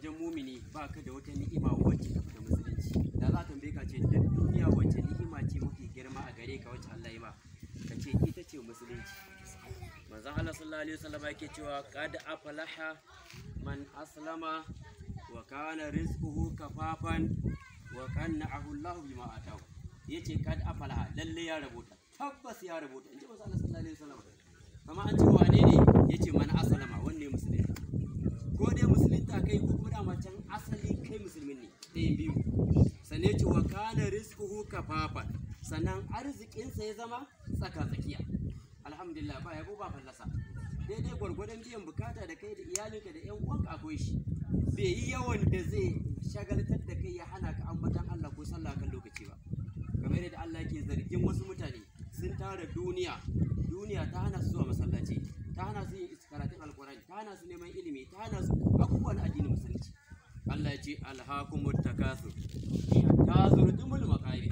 wajen mumini ba ka da wata ni'ima wacce ta da musulunci da za ta ka ce duk duniya wacce ni'ima ce mafi girma a gare ka wacce Allah ya ba. ka ce ita ce musulunci manzon Allah sallallahu alaihi wasallam yake cewa qad aflaha man aslama wa kana rizquhu kafafan wa kana ahullahu bima atahu yace qad aflaha lalle ya rubuta tabbas ya rubuta inji manzon Allah sallallahu alaihi wasallam Kama an ce wane ne yace man aslama wanne musulunci ko dai musulunta kai ku macen asali kai musulmi ne ɗaya eh, biyu sannan ce wa kafafan sannan arzikinsa ya zama tsaka tsakiya alhamdulillah ba yabo ba fallasa daidai gwargwadon biyan bukata da kai da iyalinka da yan uwanka akwai shi bai yi yawan da zai shagaltar da kai ya hana ka ambatan Allah ko sallah kan lokaci ba kamar yadda Allah ke zargin wasu mutane sun tara duniya duniya ta hana su zuwa masallaci ta hana su alhakumut takasur ta dumul makari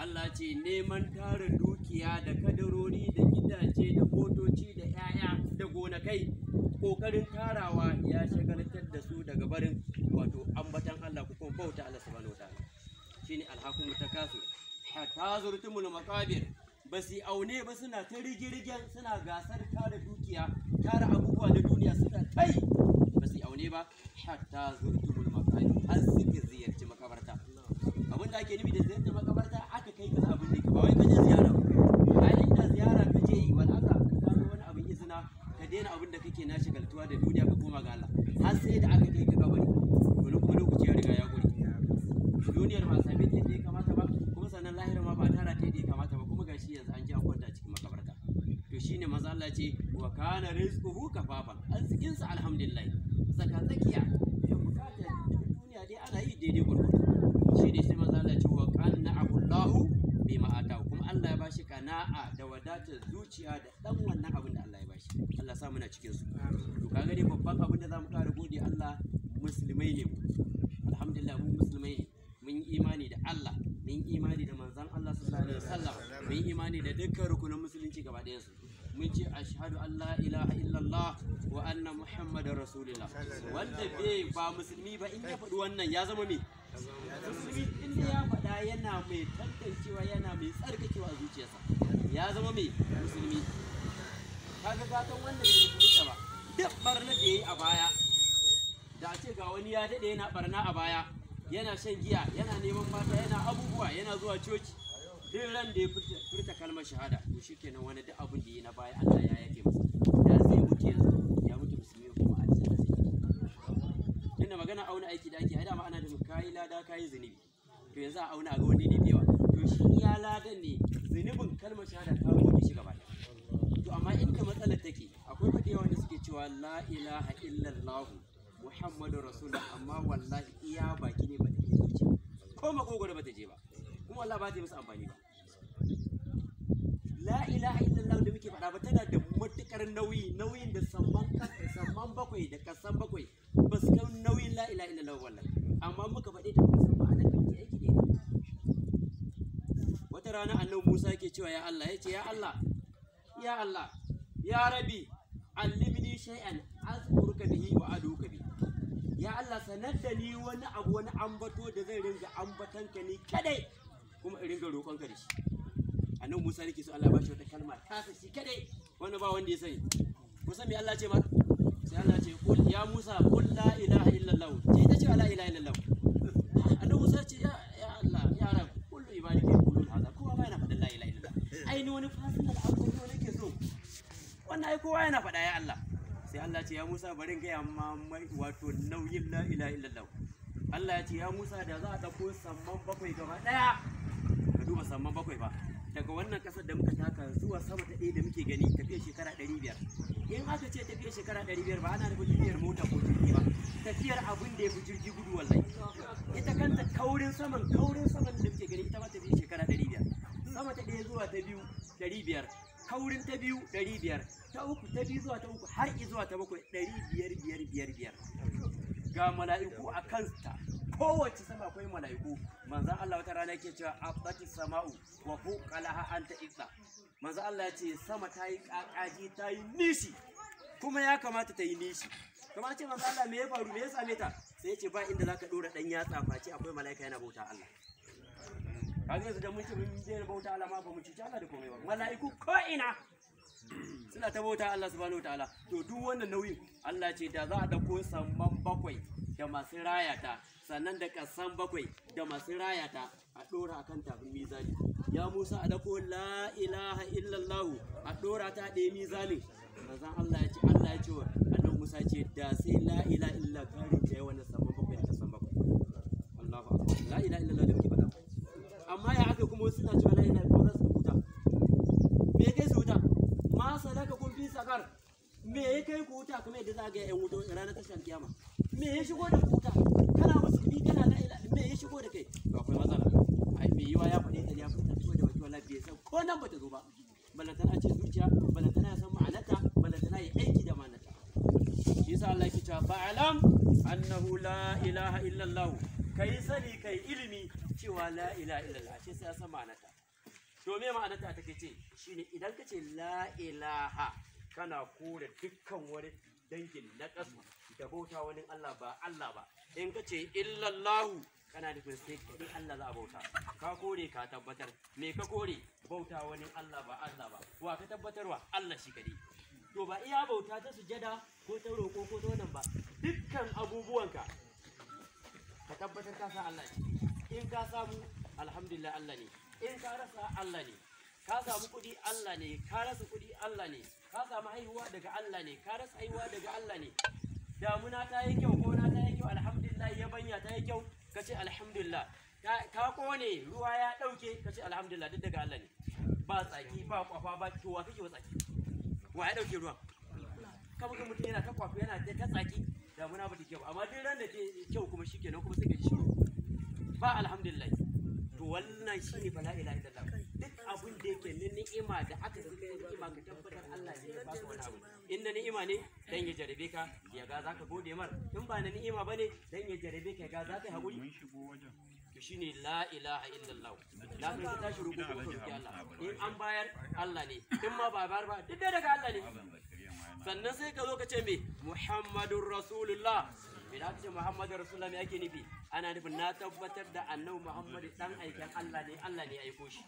Allah ce neman tara dukiya da kadarori da gidaje da motoci da 'ya'ya da gonakai kokarin tarawa ya shagaltar da su daga barin wato ambatan Allah ko kuma bauta Allah subhanahu wataala shine alhakumut takasur hatta zurtumul makabir ba su aune ba suna ta rigirgen suna gasar tara dukiya tara abubuwa na duniya suna kai ba su aune ba hatta zurtumul an suka ziyarci makabarta abin da ake nufi da ziyarci makabarta aka kai ka abin da ba wai ka je ziyara ba yayin da ziyara ka je yi wal aka ka gano wani abin izina ka daina abin da kake na galtuwa da duniya ka koma ga Allah har sai da aka kai ka kabari wani kuma lokaci ya riga ya gure duniyar ma same ta yadda ya kamata ba kuma sannan lahira ma ba tara ta yadda ya kamata ba kuma gashi yanzu an ji an kwanta cikin makabarta to shine maza Allah ce wa kana rizquhu kafafan arzikin sa alhamdulillah tsaka tsakiya wadatar zuciya da ɗan wannan abin da Allah ya bashi Allah sa muna cikin su to kaga ne babban abin da za mu ƙara gode Allah musulmai ne mu alhamdulillah mu musulmai ne mun yi imani da Allah mun yi imani da manzon Allah sallallahu alaihi wasallam mun yi imani da dukkan rukunin musulunci gaba ɗayan su mun ce ashhadu an la ilaha illallah wa anna muhammadar rasulullah wanda bai ba musulmi ba in ya faɗi wannan ya zama me musulmi in ya faɗa yana mai tantancewa yana mai tsarkakewa a ya zama mai musulmi kaga gatan wanda bai musulunta ba duk barna da yayi a baya da ce ga wani ya daɗe yana barna a baya yana shan giya yana neman mata yana abubuwa yana zuwa coci duk ran da ya furta kalmar shahada to shikenan wani duk abin da yi na baya Allah ya yake masa da zai mutu yanzu ya mutu musulmi kuma a cikin zai tunda magana auna aiki da ake ai dama ana da kayi lada kayi zunubi to yanzu a auna a ga wani ne biyawa to shi ya ladan ne zunubin kalmar shahada ta goge shi gaba to amma inda matsalar take akwai faɗi wanda suke cewa la ilaha illallah muhammadu rasulullah amma wallahi iya baki ne ba ta ke zuci ko makogoro ba ta je ba kuma Allah ba ta yi musu amfani ba la ilaha illallah da muke faɗa ba tana da matukar nauyi nauyin da samman bakwai da kasan bakwai Musa yake cewa ya Allah yace ya Allah ya Allah ya Rabbi allimni shay'an azkuruka bihi wa aduka bi ya Allah sanar da ni wani abu wani ambato da zai ringa ambatanka ni kadai kuma in ringa roƙonka da shi annabi Musa yake so Allah ba shi wata kalma ta shi kadai wani ba wanda ya sani musa me Allah ce maka sai Allah ce kul ya Musa kul la ilaha illallah ce ta ce la ilaha illallah annabi Musa ce ya Allah ya Rabbi kullu ibadika aini wani fasinal abubuwa nake so wannan ai kowa yana faɗa ya Allah sai Allah ce ya Musa bari in gaya ma mai wato nauyin la ilaha illallah Allah ya ce ya Musa da za a ɗauko samman bakwai gaba ɗaya ka duba samman bakwai ba daga wannan ƙasar da muka taka zuwa sama ta ɗaya da muke gani tafiya shekara ɗari biyar in aka ce tafiya shekara ɗari biyar ba ana nufin tafiyar mota ko jirgi ba tafiyar abin da ya fi jirgi gudu wallahi ita kanta kaurin saman kaurin saman da muke gani ita ma tafiya shekara ɗari biyar sama ta ɗaya zuwa ta biyu ɗari biyar kaurin ta biyu ɗari biyar ta uku ta biyu zuwa ta uku har zuwa ta bakwai ɗari biyar biyar biyar biyar ga mala'iku a kansa kowace sama akwai mala'iku manzan Allah wata rana ke cewa abati sama'u wa fuqalaha ta isa manzan Allah ya ce sama ta yi kakaji ta yi nishi kuma ya kamata ta yi nishi kamar ce manzan Allah me ya faru me ya same ta sai ya ce ba inda zaka dora dan yatsa face akwai mala'ika yana bauta Allah kaga yanzu da mun ci mun je bauta Allah ma ba mu ci. Allah da komai ba mala'iku ko ina suna ta bauta Allah subhanahu wataala to duk wannan nauyin Allah ce da za a dauko samman bakwai da masu rayata sannan da kasan bakwai da masu rayata a dora akan tafin mizali? ya Musa a dauko la ilaha illallah a dora ta da mizani manzon Allah ya ce Allah ya ce wa annabi Musa ce da sai la ilaha illa karin ta yi wannan samman bakwai da kasan bakwai Allahu akbar la ilaha illallah da kike faɗa amma ya aka kuma wasu na cewa la ilaha illallah za su huta me yake su huta ma salaka kun bi sakar me yake kai ku huta kuma yadda za ga yan wuta ranar tashar kiyama me ya shigo da huta kana musulmi kana la ila me ya shigo da kai to akwai matsala ai me yiwa ya fadi ta ya fita ko da wato wallahi bai san ko nan bata zo ba balantana ce zuciya balantana san ma'anarta balantana ya aiki da ma'anarta shi yasa Allah yake cewa fa'alam annahu la ilaha illallah kai sani kai ilimi cewa la ilaha illallah ashe sai ya san ma'anata to me ma'anarta take ce shine idan ka ce la ilaha kana kore dukkan wani dangin na kasu da bauta wani Allah ba Allah ba in ka ce illallahu kana nufin sai kaɗai Allah za a bauta ka kore ka tabbatar me ka kore bauta wani Allah ba Allah ba wa ka tabbatarwa Allah shi kaɗai to ba iya bauta ta sujada ko ta roƙo ko ta wannan ba dukkan abubuwanka ka tabbatar ka san Allah ciki in ka samu alhamdulillah Allah ne in ka rasa Allah ne ka samu kuɗi Allah ne ka rasa kuɗi Allah ne ka samu haihuwa daga Allah ne ka rasa haihuwa daga Allah ne damuna ta yi kyau na ta yi kyau alhamdulillah banya ta yi kyau ka ce alhamdulillah ka kone ruwa ya ɗauke ka ce alhamdulillah duk daga Allah ne ba tsaki ba kwafa ba kowa kake wa tsaki wa ya ɗauke ruwan kamar ga mutum yana ta kwafa yana ta tsaki damuna ba ta kyau amma duk ran da ke kyau kuma shikenan kuma sai ka ji shiru ba alhamdulillah to wannan shine bala ila ila Allah duk abin da yake ni ni'ima da aka zaka ni'ima ga tabbatar Allah ne ya baka wani abu na ni'ima ne dan ya jarabe ka ya ga zaka gode mar in ba na ni'ima bane dan ya jarabe ka ga zaka haƙuri mun shigo wajen to shine la ilaha illallah la ka tashi ruku ko ki Allah in an bayar Allah ne in ma ba bayar ba duk daga Allah ne sannan sai ka zo ka ce me muhammadur rasulullah idan aka muhammadu rasulullah me ake nufi ana nufin na tabbatar da annabi muhammadu dan aikin allah ne allah ne aiko shi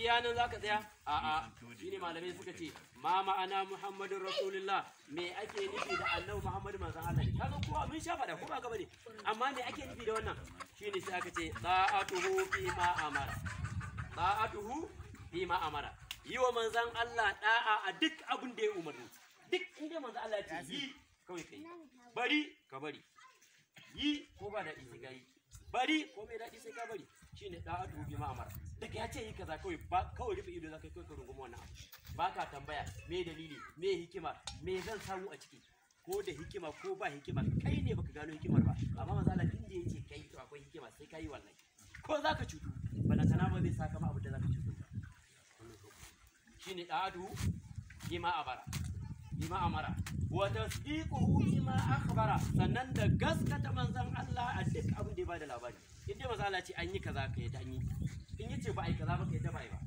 iya nan za ka tsaya a'a shine malamai suka ce ma ma'ana muhammadu rasulullah me ake nufi da annabi muhammadu manzon allah ne kaga ko mun sha fada ko ba gaba ne amma me ake nufi da wannan shine sai aka ce ta'atuhu fi ma amara ta'atuhu fi ma amara yi wa manzon allah da'a a duk abin da ya umarni duk inda manzon allah ya ce yi kawai kai bari ka bari yi ko ba daɗi sai ka bari ko mai daɗi sai ka bari shine da adu bi ma'amar daga ya ce yi kaza kawai ba kawai rufe ido zaka kai ka runguma wannan abu ba ka tambaya me dalili me hikima me zan samu a ciki ko da hikima ko ba hikima kai ne baka gano hikimar ba amma manzo Allah inda yake kai to akwai hikima sai kai wallahi ko zaka cutu bala sana ba zai saka ma abu da zaka cutu shine da adu bi ma'amar bima amara wa tasdiquhu bima akhbara sannan da gaskata manzon Allah a duk abin da ya bada labari in dai manzon Allah ce an yi kaza ka yadda an yi in yace ba ai kaza ba ka yadda ba ai ba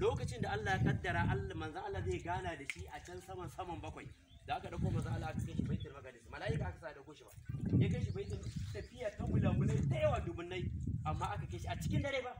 lokacin da Allah ya kaddara Allah manzon Allah zai gana da shi a can saman saman bakwai da aka dauko manzon Allah aka kai baitul maqdis malaika aka sa dauko shi ba ya kai shi baitul tafiya ta bulabulai ta yawa dubunnai amma aka kai shi a cikin dare ba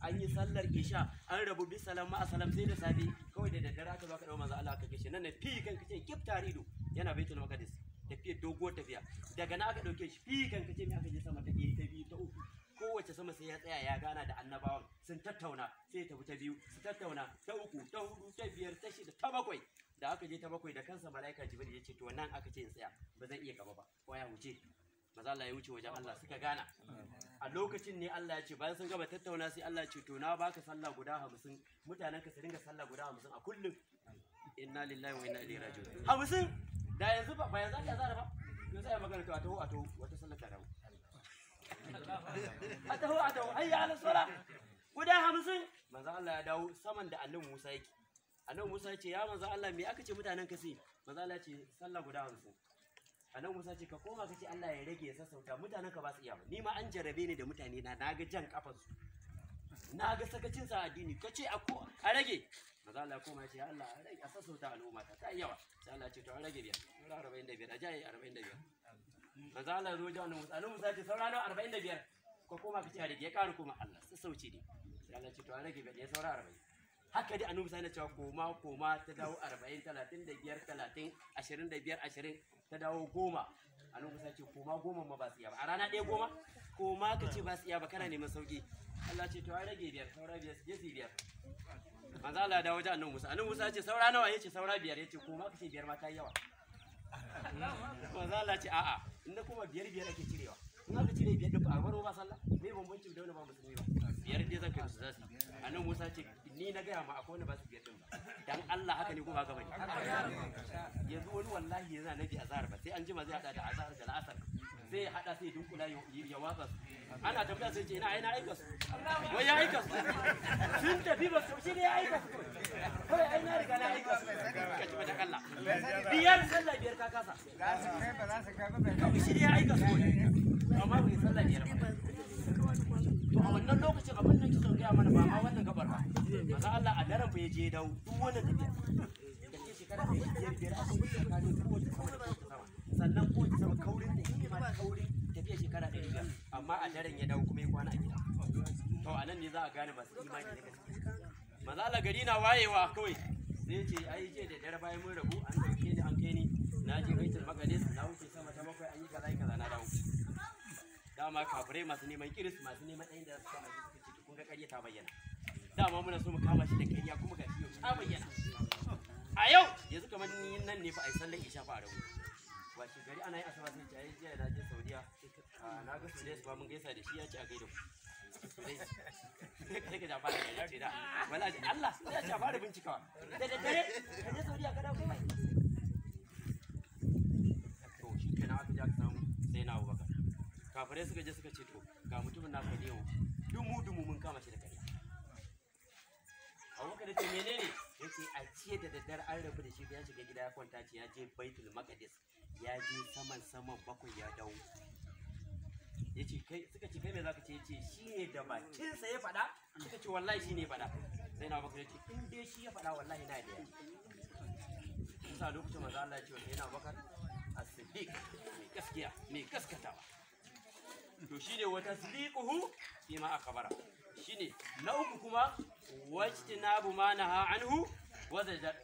an yi sallar isha an rabu bi salam ma salam sai da safe kawai da daddare aka zo aka dawo manzo Allah aka kashe nan ne fi kan kace kif tarido yana baitul maqdis tafiyar doguwar tafiya daga na aka dauke shi fi kan kace me aka je sama ta biyu ta biyu ta uku kowace sama sai ya tsaya ya gana da annabawan sun tattauna sai ta ta biyu su tattauna ta uku ta hudu ta biyar ta shida ta bakwai da aka je ta bakwai da kansa malaika jibril ya ce to nan aka ce in tsaya ba zan iya gaba ba waya wuce maza Allah ya wuce wajen Allah suka gana a lokacin ne Allah ya ce bayan sun gaba tattauna sai Allah ya ce to na baka sallah guda hamsin mutanen ka su dinga sallah guda hamsin a kullum inna lillahi wa inna ilaihi raji'un hamsin da yanzu ba yanzu Allah zara ba yanzu ai magana to a taho a taho wata sallah ta dawo a taho a taho ayya ala sura guda hamsin manzo Allah ya dawo saman da annabi Musa yake annabi Musa ya ce ya manzo Allah me aka ce mutanen ka sai manzo Allah ya ce sallah guda hamsin annabi Musa ce ka koma ka ce Allah ya rage ya sassauta mutanen ka ba su iya ba ni ma an jarabe ni da mutane na naga jan kafar su naga sakacin sa addini ka ce a rage maza Allah koma ya Allah a rage a sassauta al'umma ta ta yawa sai Allah ce to an rage biyar sauran arba'in da biyar a jaye arba'in da biyar maza Allah zo jan Musa annabi Musa ce sauran arba'in da biyar ka koma ka ce a rage ya karu kuma Allah sassauci ne sai Allah ce to an rage biyar ya sauran arba'in haka dai annabi sai cewa koma koma ta dawo 40 35 30 25 20 ta dawo goma annabi sai ce koma goma ma ba su iya ba a rana ɗaya goma koma ka ce ba su iya ba kana neman sauki Allah ce to rage biyar saura biyar je su biyar manzo Allah dawo ji annabi Musa annabi Musa ce saura nawa yace saura biyar yace koma ka ce biyar ma ta yawa manzo Allah ce a'a inda kuma biyar biyar ake cirewa in aka cire biyar da ba a baro ba sallah me bambancin da wani ba musulmi ba biyar dai zan kai su za su yi a nan musa ce ni na gaya ma akwai wanda ba su biyar din ba dan Allah haka ne ko ba bane yanzu wani wallahi yana na bi azhar ba sai an jima zai hada da azhar da la'asar zai hada sai dunkula ya watsa su ana tambaya sai ce ina ai na aika su wai ya aika su sun tafi ba su shi ne ya aika su kawai ai na riga na aika su ka ji mata kalla biyar sallah biyar ka kasa za su kai ba za su kai ba shi ne ya aika su amma bai sallah biyar ba to a wannan lokacin abin da kike gaya mana ba ma wannan gabar ba maza Allah a daren je duk tafiya sama kaurin da ma kaurin tafiya shekara biyar amma a daren ya dawo kuma ya kwana a gida to a nan ne za a gane masu imani maza Allah gari na wayewa kawai sai ce ai je da dare bayan mun rabu an dauke ni an kai ni na je baitul maqdis na wuce sama ta bakwai an yi kaza kaza na dawo dama kafirai masu neman kiris masu neman ɗayan da su kama shi suka kun ga ƙarya ta bayyana dama muna so mu kama shi da ƙarya kuma ga yau ta bayyana a yau yanzu kamar ni nan ne fa a yi sallar isha fa a rabu wace gari ana yi asaba sun jaye jiya da je saudiya na ga saudiya su ba mun gaisa da shi ya ci a gaida ku sai ka jafa da ya ce da wala Allah sai ya ci a fara bincikawa da da dare ka je saudiya ka dawo kai mai to shi kenan aka ja ka samu sai na abubakar kafirai suka je suka ce to ga mutumin na fa yau dumu dumu mun kama shi da A abubakar ce menene ya ce a ciye da daddar an rabu da shi ya shiga gida ya kwanta ce ya je baitul maqdis ya je saman saman bakwai ya dawo ya ce kai suka ce kai me zaka ce yace ce shi ne da bakinsa ya faɗa suka ce wallahi shi ne faɗa sai na bakar yace ce in dai shi ya faɗa wallahi na da ya kusa lokacin maza Allah ya ce wa sai na bakar as-siddiq mai gaskiya mai gaskatawa to shine wa tasdiquhu fi ma akhbara shine na uku kuma wajtinabu ma naha anhu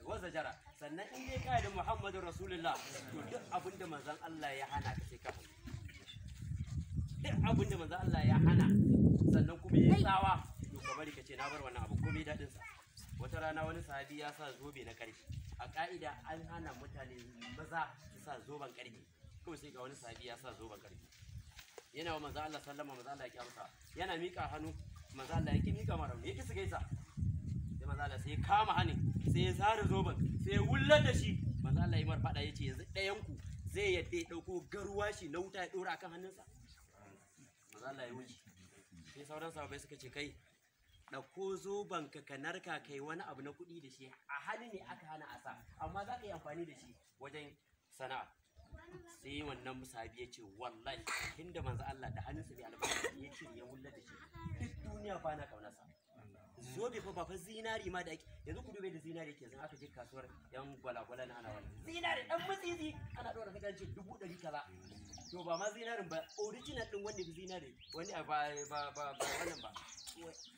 wa zajara sannan in dai kai da Muhammadu Rasulullah to duk abinda manzon Allah ya hana ka sai ka duk abinda manzon Allah ya hana sannan kuma ya tsawa to ka bari ka ce na bar wannan abu komai dadin sa wata rana wani sahabi ya sa zobe na karfi a ka'ida an hana mutane maza su sa zoben karfi kawai sai ga wani sahabi ya sa zoben karfi yana wa manzo Allah sallama manzo Allah ya kyauta yana mika hannu manzo Allah yake mika mara ne yake sigaisa sai manzo Allah sai kama hannu, sai ya zare zoban sai ya wulla da shi manzo Allah ya mar fada yace yanzu ɗayan ku zai yadda ya dauko garwashi na wuta ya dora kan hannunsa manzo Allah ya wuce sai sauran sahabbai suka ce kai ɗauko zoban ka ka narka kai wani abu na kuɗi da shi a hali ne aka hana a sa amma za ka yi amfani da shi wajen sana'a sai wannan musabi ya ce wallahi inda manzo Allah da hannunsa bai albarka ya ce ya wulla da shi duk duniya fa na kaunarsa zo bai fa ba fa zinari ma da ake yanzu ku dube da zinari ke yanzu aka je kasuwar yan gwalagwala na ana wani zinari dan mutsizi ana dora kaga ce dubu ɗari kaza to ba ma zinarin ba original din wanda bi zinari wani ba ba ba wannan ba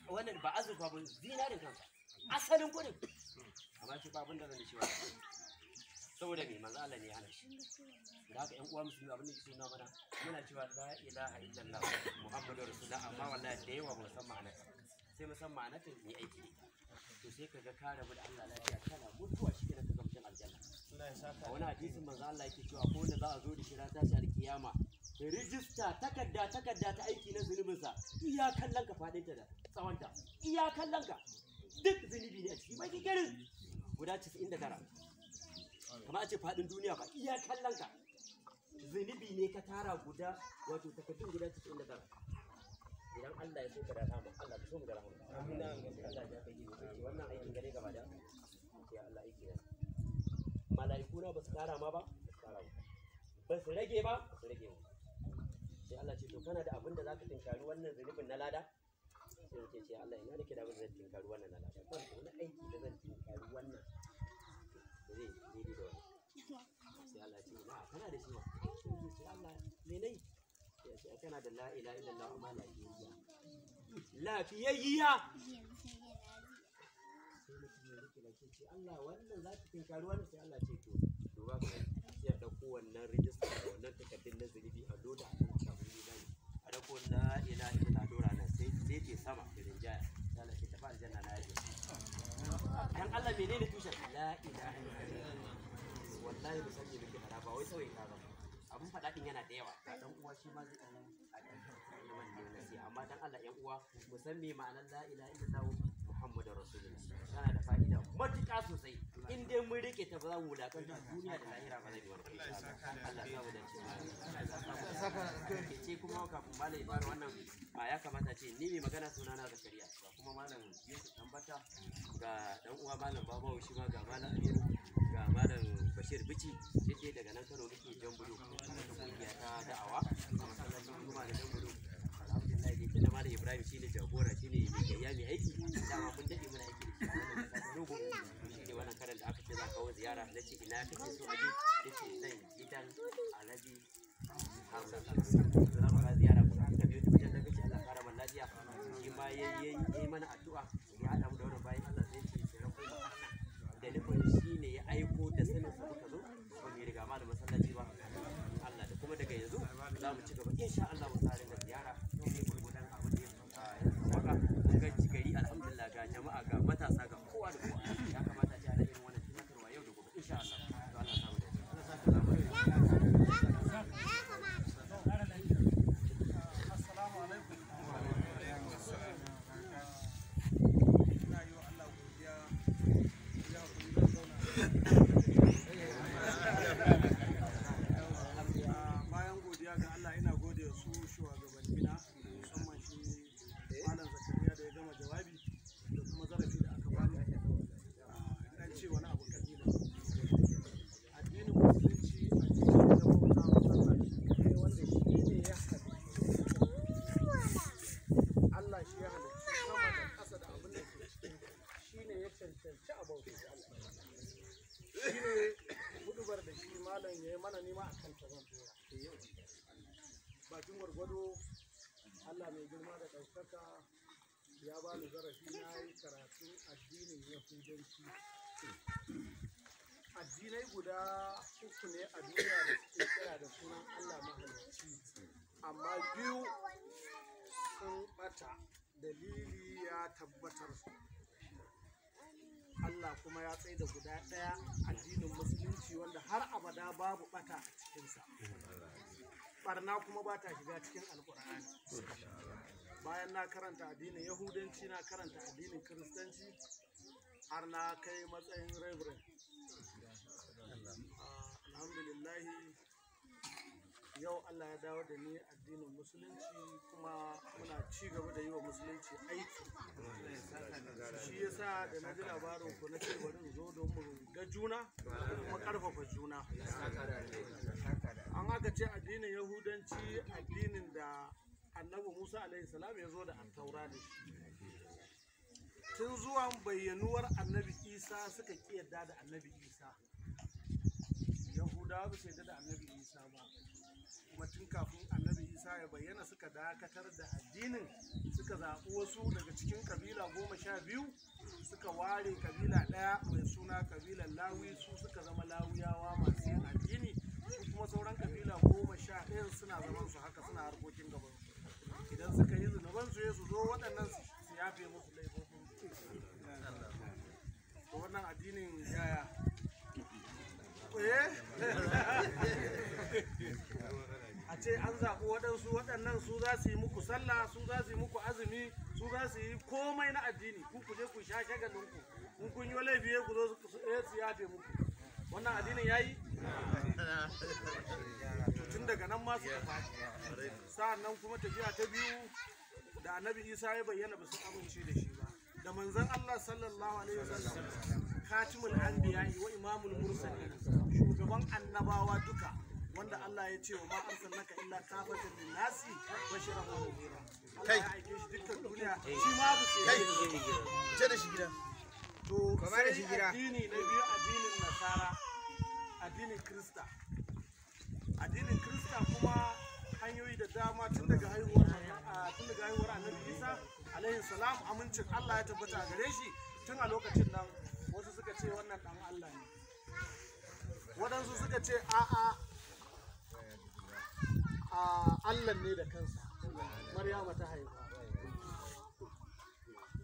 wannan ba azurfa ba zinarin kansa asalin kudin amma shi ba abin da zan da shi saboda mai manzo Allah ne ya hana shi da haka ƴan uwa musulmi abin da suna mana muna cewa la ilaha illallah muhammadur rasulullah amma wallahi da yawa ba san ma'anar sai mu san ma'anar ta ne aiki ne to sai kaga ga ka rabu da Allah lafiya kana mutuwa shi ne ka gamshin aljanna a wani hadisin manzo Allah yake cewa ko wanda za a zo da shi ranar ta alkiyama rijista takarda takarda ta aiki na zunubinsa iya kallon ka fadinta da tsawonta iya kallon ka duk zunubi ne a ciki mai garin guda 99 kama a ce faɗin duniya ba iya kallon ka zunubi ne ka tara guda wato takardun guda cikin da zara idan Allah ya so ka da rahama Allah ka so mu da rahama amina Allah ya kai ce wannan aikin gare gaba da ya Allah yake da malaiku na ba su kara ma ba kara ba ba su rage ba ba su rage ba sai Allah ce to kana da abin da zaka tinkari wannan zunubin na lada sai ce Allah ina nake da abin da zan tinkari wannan na lada ba wani aiki da zan tinkari wannan zai da wani sai Allah ma lafiyayya lafiyayya wannan za ki tinkari wannan sai Allah ce to duba ka ya dauko wannan rijista wannan takardun na a loda akan Allah menene tushen la ilaha illallah wallahi ba sani ba kira ba wai tsawai ka ba abun faɗa din yana da yawa dan uwa shi ma zai dan a dan wannan nasi amma dan Allah yan uwa mu san me ma'anar la ilaha illallah Muhammadu Rasulullah tana da fa'ida matuƙa sosai in dai mun rike ta ba za mu wulakanta duniya da lahira ba zai yi wani Allah ya samu da ce ce kuma kafin malam ya fara wannan ba ya kamata ce ni mai magana suna na Zakariya ba kuma malam Yusuf Tambata ga dan uwa malam Babawo shi ma ga malam Aminu ga malam Bashir Bici yake daga nan Kano nake Jambulo wata kungiya ta da'awa a masallacin Juma'a da Jambulo malam ibrahim shine jagora ne mai gayya mai aiki dama kun daɗe muna aiki da shi wannan kasa rogo shine wannan karan da aka ce za kawo ziyara na ce ina kake so aje yace zan gidan alhaji hausa ziyara ku ka biyo ya ba ni zarafi na yi karatun addinin yahudanci addinai guda uku ne a duniya da suke kira da sunan allah mahalarci amma biyu sun bata dalili ya tabbatar Allah kuma ya tsaye da guda ɗaya addinin musulunci wanda har abada babu bata a cikinsa barna kuma ba ta shiga cikin alkur'ani bayan na karanta addinin yahudanci na karanta addinin kiristanci har na kai matsayin reverend ah, alhamdulillahi yau allah ya dawo da ni addinin musulunci kuma muna ci gaba da yi wa musulunci aiki shi yasa da na ji labarin ku na ce bari zo domin ga juna kuma karfafa juna an haka ce addinin yahudanci addinin da annabi musa alaihi salam ya zo da attaura da tun zuwan bayyanuwar annabi isa suka ƙi yadda da annabi isa yahudawa ba su yadda da annabi isa ba kuma tun kafin annabi isa ya bayyana suka dakatar da addinin suka zaɓi wasu daga cikin kabila goma sha biyu suka ware kabila ɗaya mai suna kabilar lawi su suka zama lawiyawa masu yin addini kuma sauran kabila goma sha ɗaya suna zaman su haka suna harkokin gaban idan suka yi zunuban su su zo waɗannan su yafe musu laifofin to wannan addinin yaya eh? a ce an zaɓi waɗansu waɗannan su za su yi muku sallah su za su yi muku azumi su za su yi komai na addini ku ku je ku sha shagalinku in kun yi laifi ku zo eh, su yafe muku wannan addinin ya yi tun daga nan ma suka faɗi nan kuma tafiya ta biyu da annabi isa ya bayyana ba su amince da shi ba da manzon allah sallallahu alaihi wasallam katimul anbiya wa imamul mursalin shugaban annabawa duka wanda Allah ya ce wa ma arsalnaka illa kafatan lin nasi bashiran wa nadhira kai ya aike shi dukkan duniya shi ma su yi ce da shi gida to kamar shi addini na biyu addinin nasara addinin krista addinin Kirista kuma hanyoyi da dama tun daga haihuwar annabi isa alaihi salam amincin allah ya tabbata a gare shi tun a lokacin nan wasu suka ce wannan dan allah ne waɗansu suka ce a'a a allah ne da kansa maryama ta haifa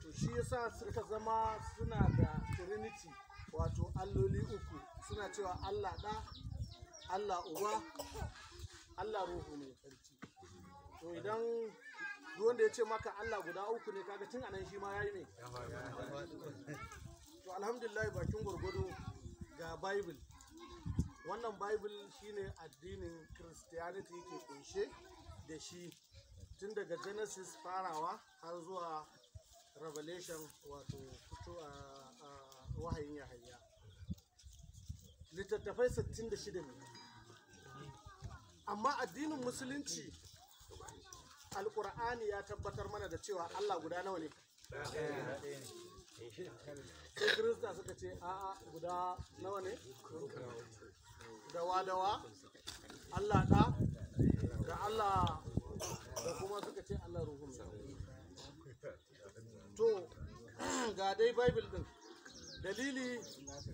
to shi yasa suka zama suna da trinity wato alloli uku suna cewa allah ɗa Allah uba Allah ruhu ne sarki to idan wanda ya ce maka Allah guda uku ne kaga tun anan shi ma yayi ne to alhamdulillah bakin gurgudu ga bible wannan bible shine addinin christianity yake kunshe da shi tun daga genesis farawa har zuwa revelation wato fito a wahayin yahaya littattafai 66 ne amma addinin musulunci alkur'ani ya tabbatar mana da cewa Allah guda nawa ne sai kirista suka ce a'a guda nawa ne dawa dawa Allah ɗa da Allah da kuma suka ce Allah ruhun to ga dai bible din dalili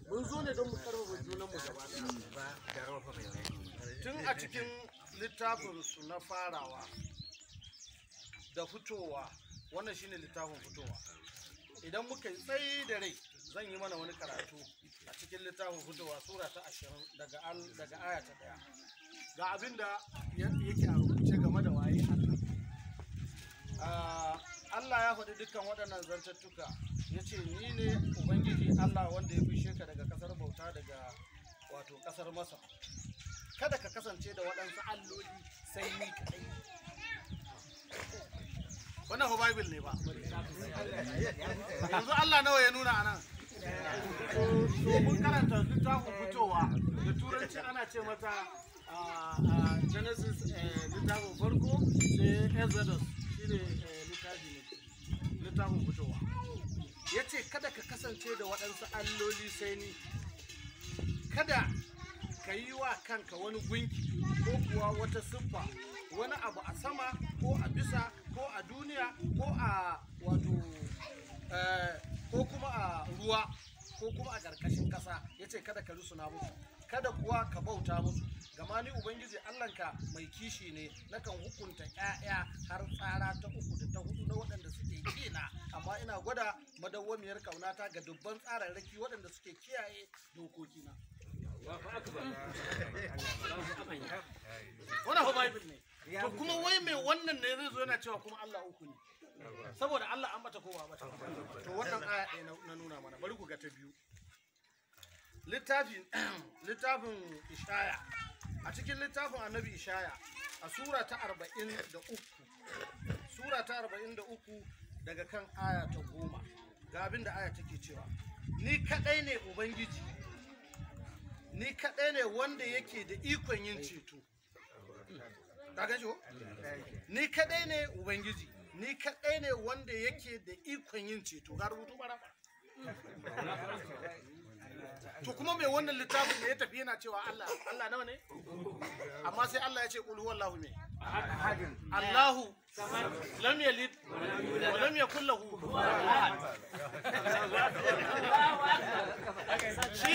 mun zo ne don mu karfafa junanmu mu gaba da mai tun a cikin littafinsu na farawa da fitowa wannan shine littafin fitowa idan muka yi tsayi da rai zan yi mana wani karatu a cikin littafin fitowa sura ta ashirin daga aya ta daya ga abin da yake a rubuce game da waye Allah ah, ya faɗi dukkan waɗannan zantattuka ya ce ni ne ubangiji Allah wanda ya fishe ka daga ƙasar bauta daga wato ƙasar Masar kada ka kasance da waɗansu alloli sai ni kaɗai wannan ho bible ne ba yanzu allah nawa ya nuna anan so mun karanta littafin fitowa da turanci ana ce mata genesis eh, littafin farko sai exodus shine eh, littafi ne littafin fitowa ya ce kada ka kasance da waɗansu alloli sai ni kada ka yi wa kanka wani gunki ko kuwa wata siffa wani abu a sama ko a bisa ko a duniya ko a wato eh, ko kuma a ruwa ko kuma a ƙarƙashin ƙasa ya ce kada ka rusuna musu kada kuwa ka bauta musu gama ni ubangiji allahnka mai kishi ne Na kan hukunta 'ya'ya har tsara ta uku da ta hudu na waɗanda suke kina amma ina gwada madawwamiyar ƙaunata ga dubban tsararraki waɗanda suke kiyaye dokokina wannan bible to kuma wai mai wannan ne zai zo yana cewa kuma Allah uku ne saboda Allah an mata kowa mata to wannan aya na nuna mana bari ku ga ta biyu littafin littafin ishaya a cikin littafin annabi ishaya a sura ta arba'in da uku sura ta arba'in daga kan aya ta goma ga abin da aya take cewa ni kadai ne ubangiji ni kaɗai ne wanda yake da ikon yin ceto kagan shi ni kaɗai ne ubangiji ni kaɗai ne wanda yake da ikon yin ceto ga rubutu bara to kuma mai wannan littafin ne ya tafi yana cewa Allah Allah nawa ne amma sai Allah ya ce qul huwallahu me Allahu لم يلد ولم يكن له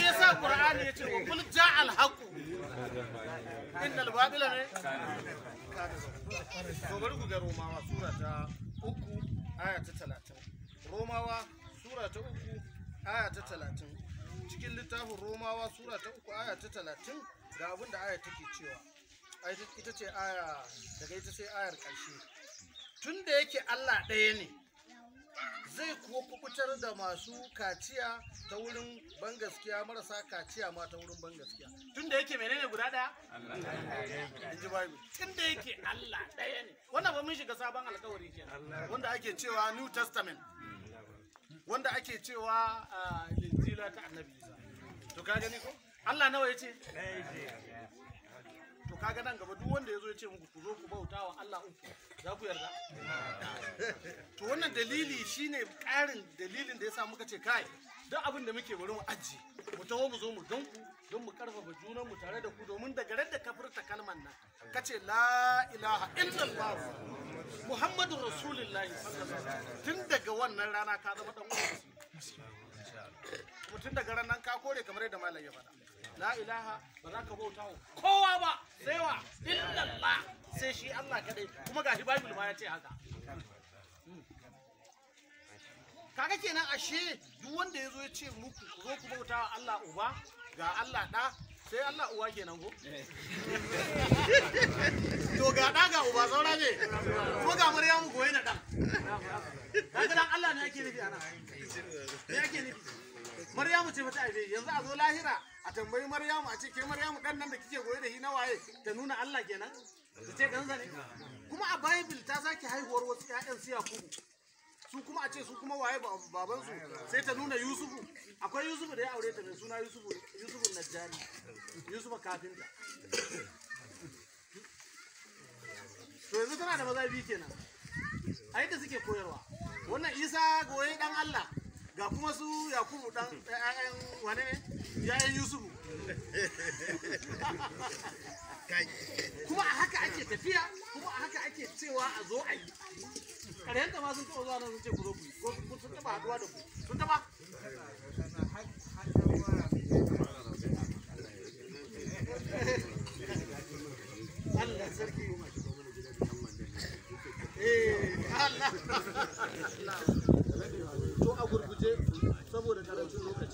yasa qur'ani yace wa kul ku ga romawa sura ta 3 ta romawa ta cikin littafin romawa sura ta 3 aya ta talatin ga abin da aya take cewa ita ce aya daga ita sai ayar ƙarshe tun da yake Allah ɗaya ne zai kuwa kubutar da masu kaciya ta wurin bangaskiya marasa kaciya ma ta wurin bangaskiya tun da yake menene guda ɗaya? ɗaya bible tun da yake Allah ɗaya ne wannan ba mun shiga sabon alkawari ke wanda ake cewa new testament wanda ake cewa ah, linjila ta annabi isa to ka gani ko Allah nawa yace kaga nan gaba duk wanda ya zo ya ce muku ku zo ku bauta wa Allah uku za ku yarda to wannan dalili shine ƙarin dalilin da yasa muka ce kai duk abin da muke bari mu aji mu taho mu zo mu gan ku don mu karfafa junan mu tare da ku domin daga ran da ka furta kalmar nan kace la ilaha illallah muhammadu rasulullahi tun daga wannan rana ka zama dan uwan mutum daga ran ka kore kamar yadda malam ya faɗa la ilaha ba za ka bauta kowa ba Sewa illallah sai shi Allah kadai kuma gashi bible ma ya ce haka hmm. kaga kenan ashe duk wanda yazo ya ce muku zo ku bauta wa Allah uba ga Allah da sai Allah uwa kenan ko to ga da ga uba saura ne kuma ga Maryamu goyi na dan kaga dan Allah ne ake nufi ana me ake nufi Maryamu ce mata aibe yanzu a zo lahira a tambayi maryamu a ce ke maryamu dan nan da kike goye da shi na waye ta nuna Allah kenan ta ce kan zane kuma a bible ta sake haihuwar wasu ƴaƴan su yakubu su kuma a ce su kuma waye baban su sai ta nuna yusufu akwai yusufu da ya aure ta mai suna yusufu yusufu najjari yusufu kafinta to yanzu tana da maza biyu kenan a yadda suke koyarwa wannan isa goye dan Allah ga kuma su yakubu dan ƴaƴan wane ne ƴaƴan yusufu kuma a haka ake tafiya kuma a haka ake cewa a zo a yi ma sun zuwa nan sun ce ku zo ku yi ko sun da ku sun Allah sarki eh, Allah gurguje saboda karancin ah, alaikum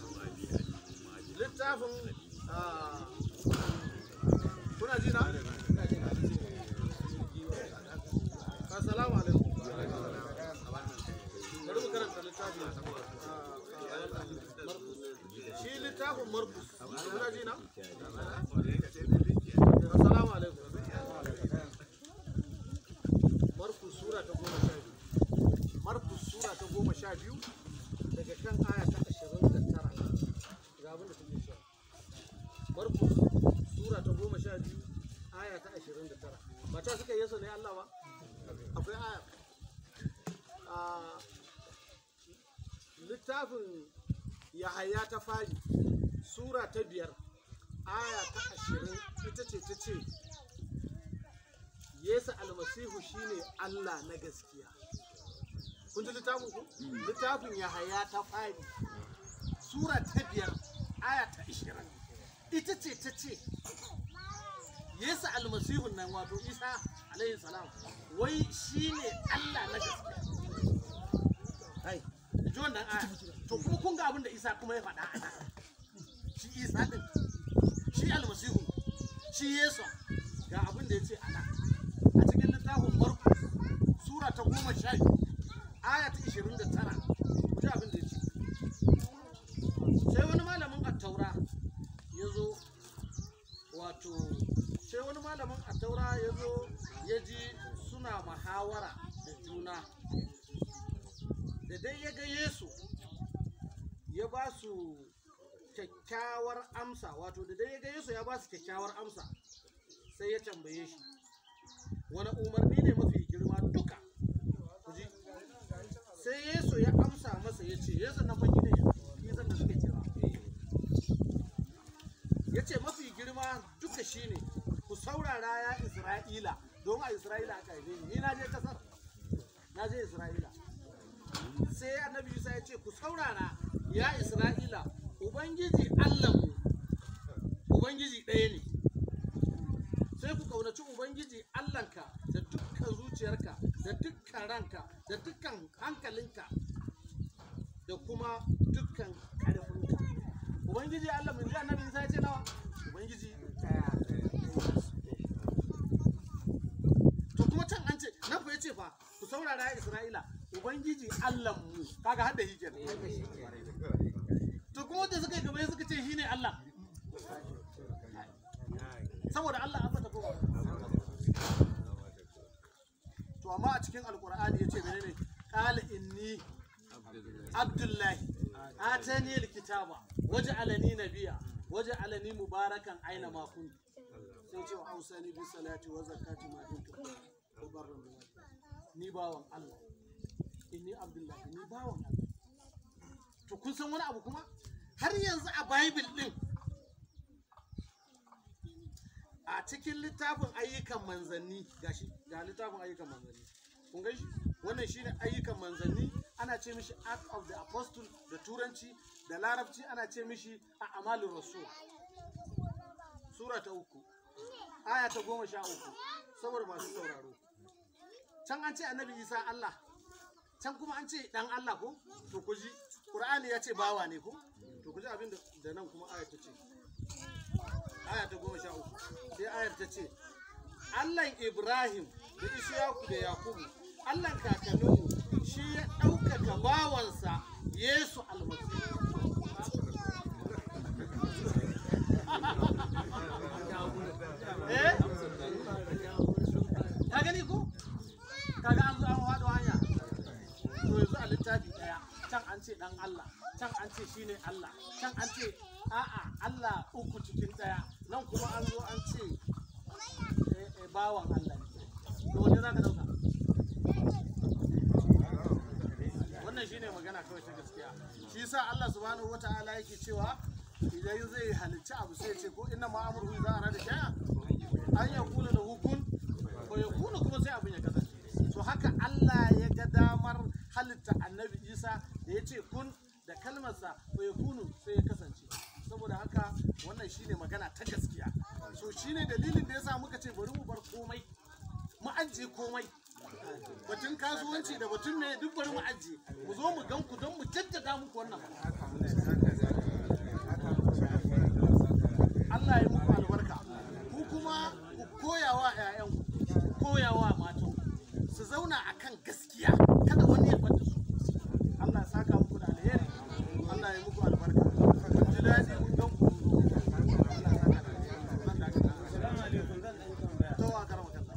ah, sura ta goma sha sura ta goma mata suka su ne Allah ba akwai aya ah, littafin yahaya ta fari sura ta biyar aya ta ashirin ita ce ta ce yesu almasihu shine Allah na gaskiya kun ji littafin ku littafin yahaya ta fari sura ta biyar aya ta ashirin ita ce ta ce Yesu almasihun nan wato Isa alaihi salam wai shine Allah na gaskiya ai ji wannan a to kuma kun ga abin da Isa kuma ya faɗa a nan shi Isa din shi almasihu shi Yesu ga abin da ya ce a nan a cikin littafin Markus sura ta goma sha biyu aya ta ishirin da tara ku ji abin da ya malamin taura ya zo ya ji suna mahawara da juna da dai ya ga yesu ya ba su kyakkyawar amsa wato da dai ya ga yesu ya ba su kyakkyawar amsa sai ya tambaye shi wani umarni ne mafi girma duka sai yesu ya amsa masa ya ce yesu na fagi ne ya ce mafi girma duka shine ne saurara ya isra'ila don a isra'ila aka yi ni ni na je kasar na je isra'ila sai annabi yusa ya ce ku saurara ya isra'ila ubangiji allahnku ubangiji ɗaya ne sai ku kaunaci ubangiji allahnka da dukkan zuciyarka da dukkan ranka da dukkan hankalinka da kuma dukkan ƙarfinka ubangiji allah mun ji annabi yusa ya ce nawa ubangiji ɗaya kuma can an ce na fa yace fa ku saurara ya Isra'ila ubangiji Allah mu kaga hada shi kenan to kuma da suka gaba suka ce shine Allah saboda Allah an fata kowa to amma a cikin alqur'ani yace ne qala inni abdullahi atani alkitaba waj'alani nabiyya waj'alani mubarakan aina ma kuntu sai ce wa ausani bi salati wa zakati ma kuntu ni bawan Allah inni eh, abdullahi ni bawan Allah to kun san wani abu kuma har yanzu a bible din a cikin littafin ayyukan manzanni gashi ga littafin ayyukan manzanni kun ga wannan shine ayyukan manzanni ana ce mishi act of the apostle da turanci da larabci ana ce mishi a amalin rasul sura ta uku aya ta goma sha uku saboda masu sauraro can an ce annabi isa Allah can kuma an ce dan Allah ko to ku ji Qur'ani ya ce bawa ne ko to ku ji abin da nan kuma aya ta ce aya ta goma sha uku sai ayar ta ce Allah Ibrahim da Ishaku da Yakubu Allah kakanninmu shi ya ɗaukaka bawansa Yesu Almasi. eh zo yanzu a littafi ɗaya can an ce ɗan Allah can an ce shine Allah can an ce a'a Allah uku cikin ɗaya nan kuma an zo an ce eh, eh, bawan Allah ne to wanda zaka ka ɗauka wannan shine magana kawai ta gaskiya shi yasa Allah subhanahu wata'ala yake cewa idan zai halicci abu sai ce ko inna ma amruhu za a rada shaya an ya kula da hukun ko ya kula kuma sai abin ya kasance to haka Allah ya ga damar halitta annabi isa da ya ce kun da kalmarsa bai kunu sai ya kasance saboda haka wannan shine magana ta gaskiya so shine dalilin da ya sa muka ce bari mu bar komai mu ajiye komai batun kasuwanci da batun ne duk bari mu ajiye mu zo mu gan ku don mu jaddada muku wannan Allah ya muku albarka ku kuma ku koyawa 'ya'yanku ku koyawa matan zauna a kan gaskiya kada wani ya faɗi su Allah ya saka muku da alheri Allah ya muku albarka kun ji daɗi kun dan ku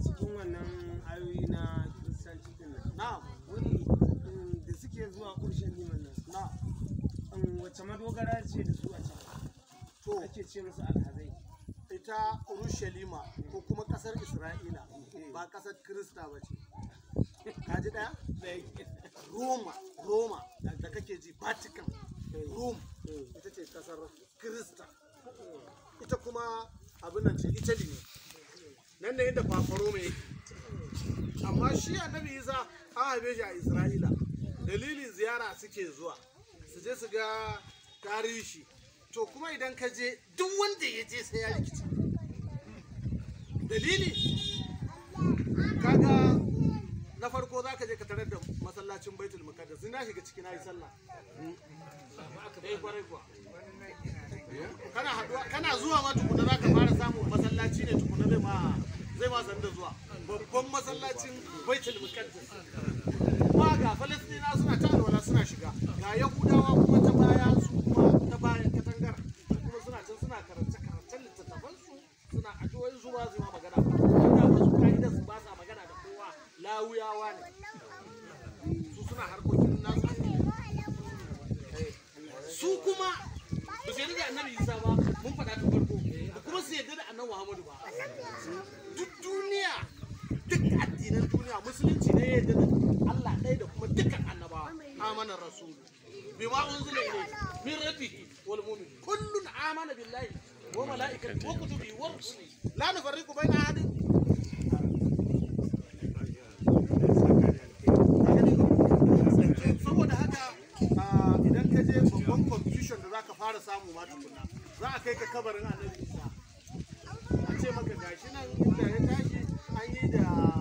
cikin wannan ayoyi na kiristanci din nan wani mm, da suke zuwa ƙurshen liman nan na mm, wace madogara ce da su a can to ake ce musu alhazai ita urushalima ko kuma kasar isra'ila eh. ba kasar krista ba ce ka ji da roma roma da kake ji vatican rome ita ce kasar krista ita kuma abin nan ce italy ne nan da inda fafaro mai yake amma shi annabi isa an haife shi a isra'ila dalilin ziyara suke zuwa su je su ga tarihi to kuma idan ka je duk wanda ya je sai ya rikici dalili kaga na farko za ka je ka tarar da masallacin baitul muqaddas na shiga ciki na yi sallah eh kwarai kuwa kana haduwa kana zuwa ma tukuna za ka fara samun masallaci ne tukuna zai ma zai ma sanda zuwa babban masallacin baitul muqaddas ba ga falastina suna ta alwala suna shiga ga yahudawa kuma ta baya الرسول بما أنزل إليه من ربه والمؤمن كل آمن بالله وملائكته وكتبه ورسله لا نفرق بين أحد saboda haka idan ka je babban confusion da za ka fara samu ma tukuna za a kai ka kabarin annabi isa a ce maka gashi nan inda ya tashi an yi da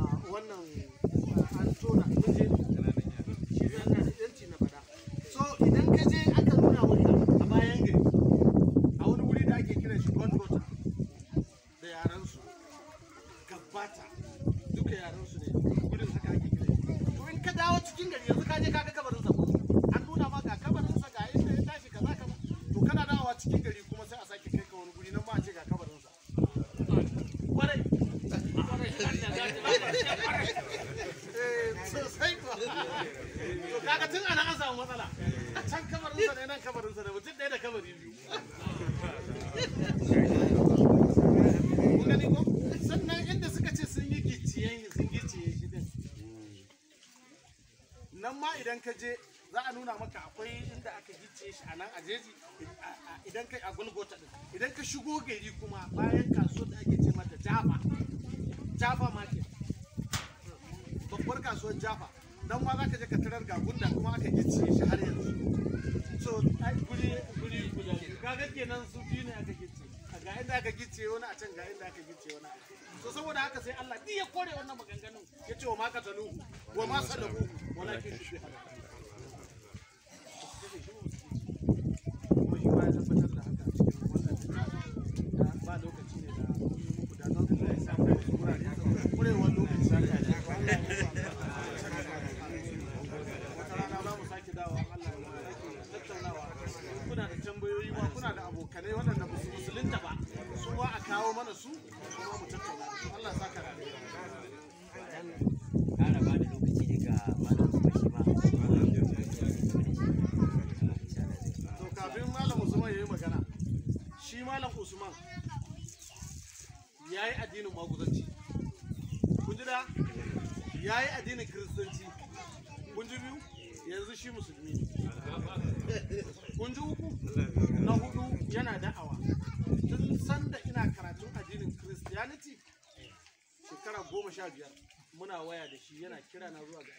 gurin ka dawo cikin gari yanzu ka ka ga an nuna ma ga ga inda ya tashi kaza kaza to kana cikin gari kuma sai a sake kai ka wani guri nan a ce ga kabarin eh, sosai kaga tun ana an samu matsala can ne nan idan ka je za a nuna maka akwai inda aka gice shi a nan a jeji idan ka a gulgota din idan ka shigo gari kuma bayan kasuwar da ake ce mata Jafa Jafa market babbar kasuwar Jafa dan ma za ka je ka tarar ga gunda kuma aka gice shi har yanzu so ai guri guri guda kaga kenan su biyu ne aka gice ga inda aka gice wani a can ga inda aka gice wani a can so saboda haka sai Allah duk ya kore wannan maganganun yace ce wa ma ka taluhu wa ma salahu Kolay gelsin. yi addinin kiristanci kun ji biyu yanzu shi musulmi kun ji uku na hudu yana da'awa tun sanda ina karatun addinin christianity shekara goma sha biyar muna waya da shi yana kira na zuwa ga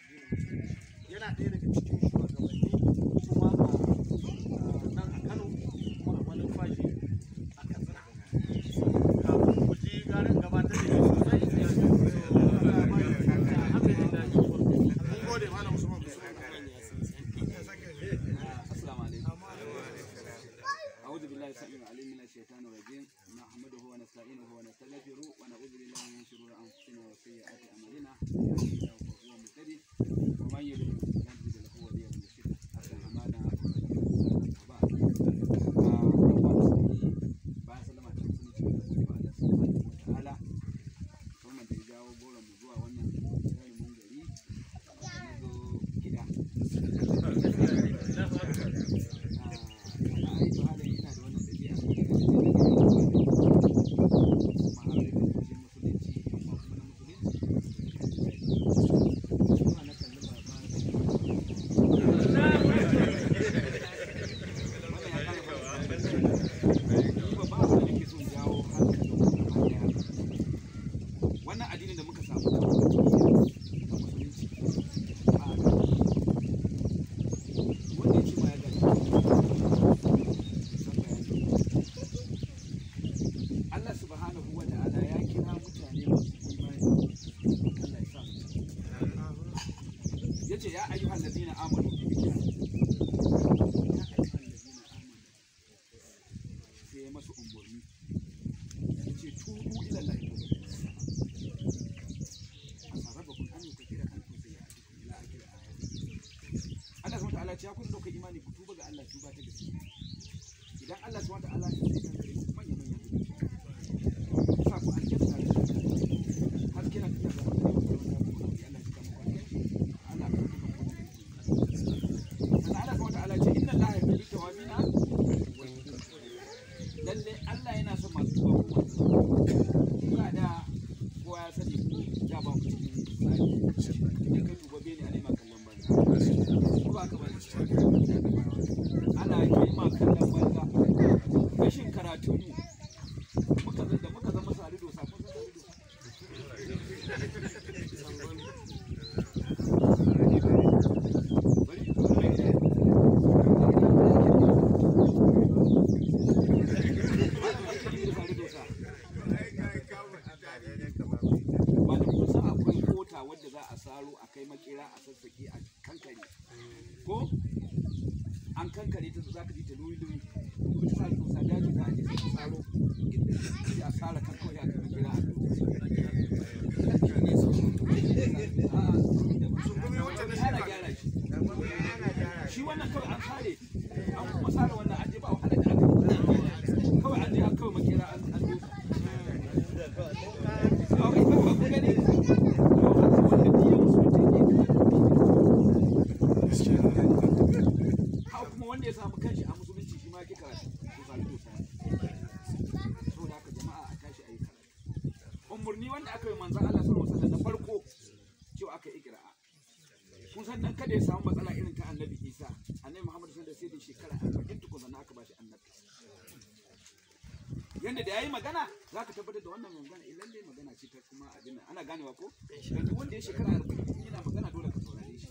aka tabbatar da wannan magana eh lalle magana ce ta kuma abin nan ana ganewa ko duk wanda ya shekara 40 yana magana dole ka saurare shi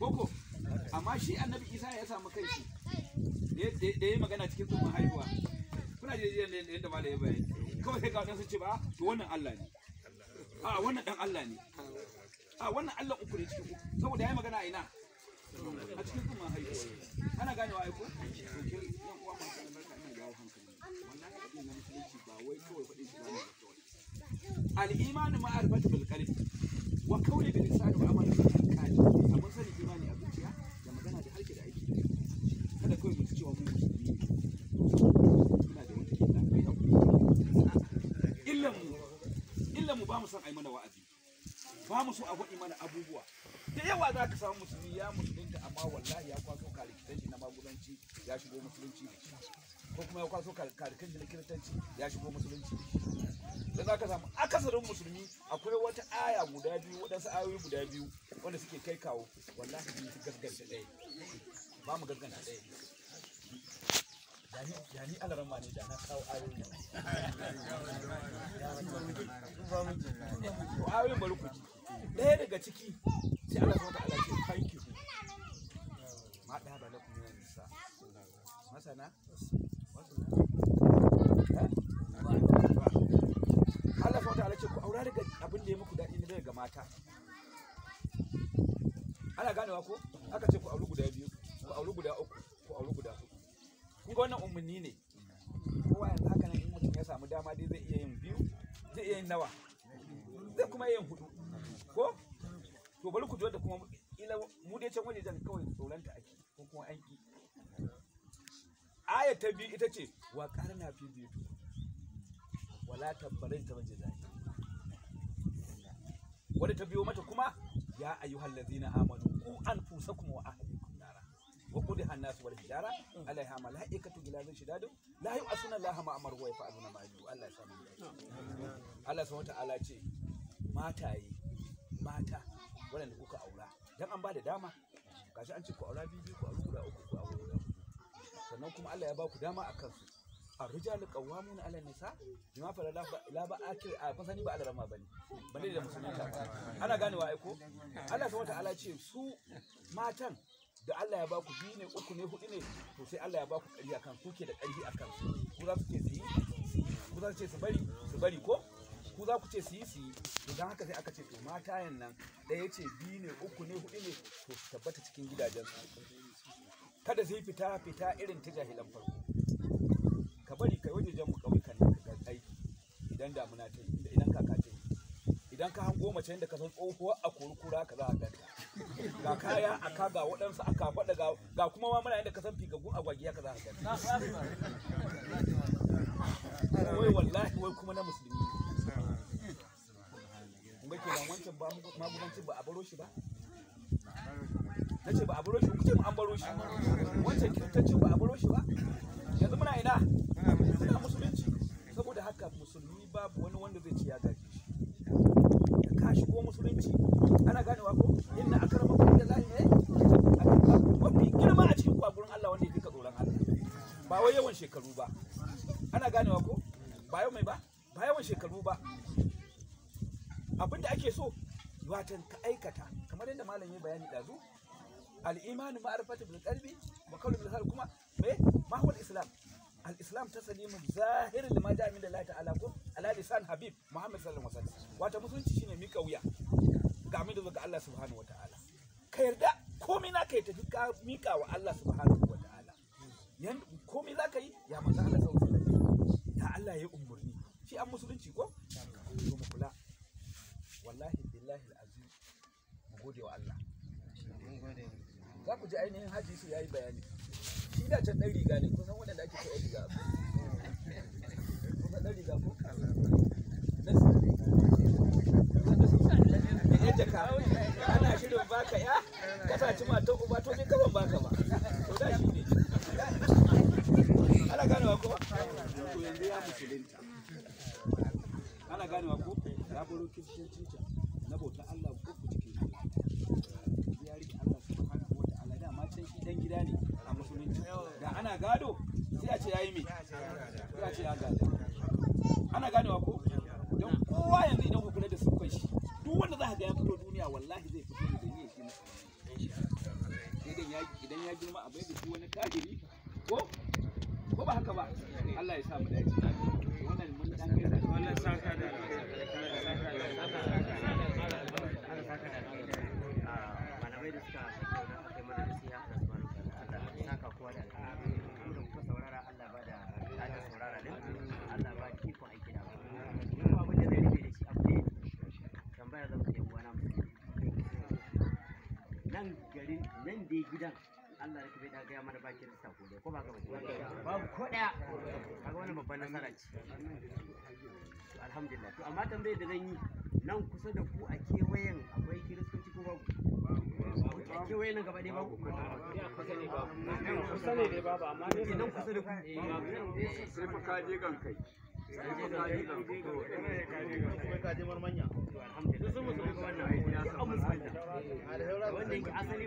koko amma shi annabi isa ya samu kanshi da ya magana cikin tsohon haihuwa kuna jirgin da yadda mala ya bayani kawai sai ga wadansu ce ba ah, to wannan allah ne a ah, wannan dan allah ne a ah, wannan allah uku ne cikin uku saboda ya magana a ina a cikin tsohon haihuwa ana ganewa aiko yan uwa ma masu albarka addinin na musulunci ba wai kawai faɗin shi ba kawai al-imanu ma'arifatu bil qalbi wa qawli bil lisani wa amalu bil arkan amma sani imani a zuciya da magana da halki da aiki kada kawai mu cewa mu musulmi ina da wata illa kai hakuri illan mu illan mu ba mu san ai mana wa'azi ba mu so a faɗi mana abubuwa da yawa za ka samu musulmi ya musulunta amma wallahi ya kwaso kare kitan na magudanci ya shigo musulunci da shi ko kuma ya kwaso karikan da kiristanci ya shigo musulunci don haka ka samu akasarin musulmi akwai wata aya guda biyu waɗansu ayoyi guda biyu wanda suke kai kawo wallahi biyu su gaskanta ɗaya ba mu gaskanta ɗaya da ni alarama ne da na kawo ayoyi to ayoyin bari ku ji ɗaya daga ciki sai Allah subhanahu wa ta'ala thank you ma da ba kuma min nisa masana Allah sau ta'ala ce ku aura daga abin da ya muku daɗi ne daga mata ana ganewa ko aka ce ku auri guda biyu ku auri guda uku ku auri guda uku kun ga wannan umarni ne kowa yanzu haka nan in mutum ya samu dama dai zai iya yin biyu zai iya yin nawa zai kuma iya yin hudu ko to bari ku ji da kuma ila mu dai can waje zan kawai tsoronta ake ko kuma an ki aya ta biyu ita ce wa karna fi biyu wala tabbarai ta waje zai wadda ta biyo mata kuma ya ayyuhal ladzina amanu ku kuma wa ahlikum nara wa qul su wal hijara alaiha malaikatu gilazun shidadu la yu'asuna Allah ma amaru wa yafa'aluna ma yu'u Allah ya samu Allah subhanahu ta'ala ce mataye mata waɗanda kuka aura dan an ba da dama kashi an ce ku aura biyu ku aura guda uku ku aura uku sannan kuma Allah ya ba ku dama a kansu الرجال قوامون على النساء بما فلا لا la ba sani ba alarama bane bane da musulmi ana gane wa aiko. Allah subhanahu wataala ce su matan da Allah ya baku biyu ne uku ne hudu ne to sai Allah ya baku ƙari akan su ke da ƙarfi akan su ku za su ce su yi ku za su ce su bari su bari ko ku za ku ce su yi su yi to don haka sai aka ce to mata yan nan ɗaya ce biyu ne uku ne hudu ne to su tabbata cikin gidajen su kada su yi fita fita irin ta jahilan farko ka bari kai jan mu kawai kan ka aiki idan damuna ta yi idan kaka ta yi idan ka hango mace da ka san tsohuwar a kurkura ka za a ganta ga kaya a ka ga waɗansu aka faɗa ga kuma ma muna yadda ka san a agwagiya ka za a ganta wai wallahi wai kuma na musulmi ke da wancan ba magudanci ba a baro shi ba na ce ba a baro shi kuke mu an baro shi wancan ta ba a baro shi ba yanzu muna ina muna musulunci saboda haka musulmi babu wani wanda zai ci ya gaji shi da ka shigo musulunci ana ganewa ko inna akrama kun da lahi ne mafi girma a cikin ku a gurin Allah wanda ya fika tsoron Allah ba wai yawan shekaru ba ana ganewa ko al'imanu ma'arifatu bil qalbi ko daya kaga wannan babban nasara ce alhamdulillah to amma tambayar da zan yi nan kusa da ku a kewayen akwai kiristoci ko babu a kewayen nan gaba ɗaya babu kusa ne dai babu amma dai nan kusa da ku eh, sai fa ka je gan kai wanda yake asali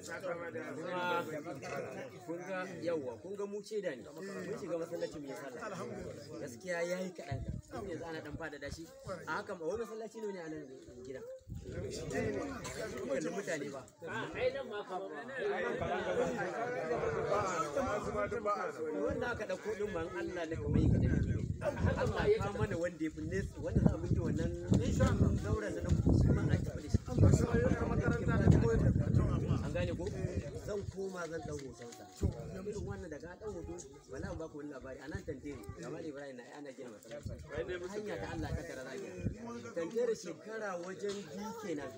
kun ga yawwa kun ga mu ce da ni mun shiga masallacin mai sallah gaskiya yayi kaɗan kaɗan yanzu ana dan fada dashi a hakan a wani masallaci ne a nan gidan kuma mutane ba ai nan ma fa wanda aka dauko din man Allah ne kamar yake Allah ya kama mana wanda ya fi nesa wanda za mu zan dau hoton sa irin wannan daga dau hoto wala ba ku wani labari anan tantiri gama Ibrahim na ana gina masallaci hanya ta Allah ta tara zaki tantiri shekara wajen biyu kenan